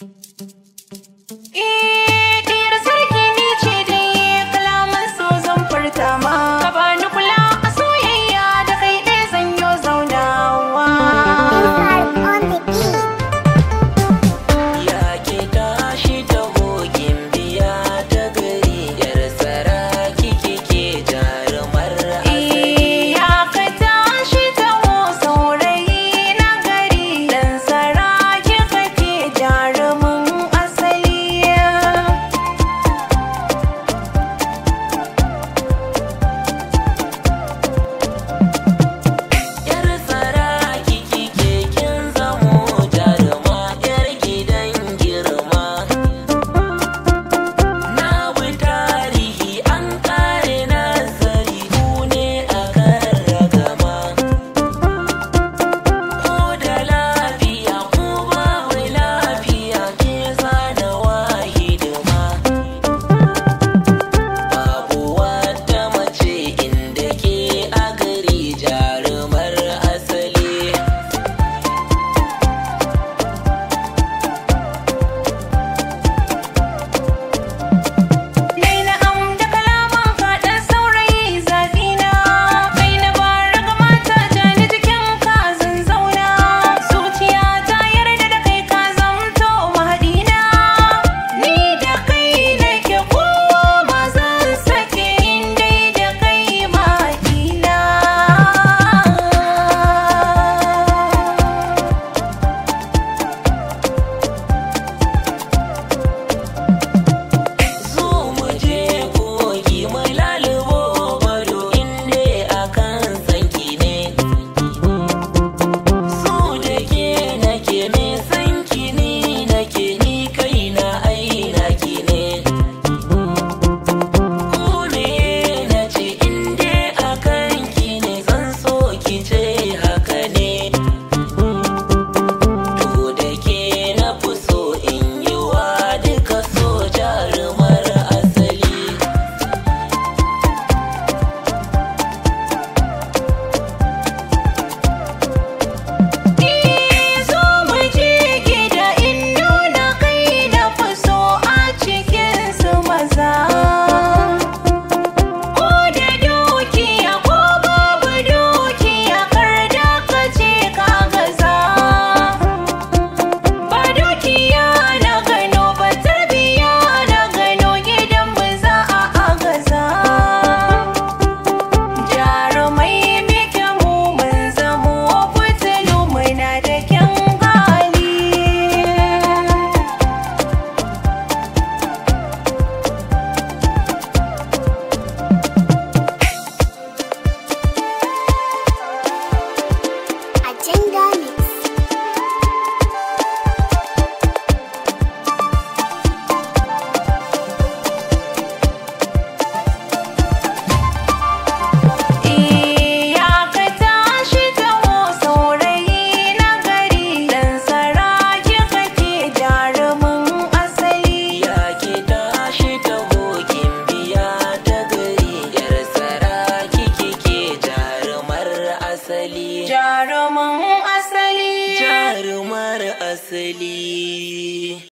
Thank you. jaruman asali jarumar asali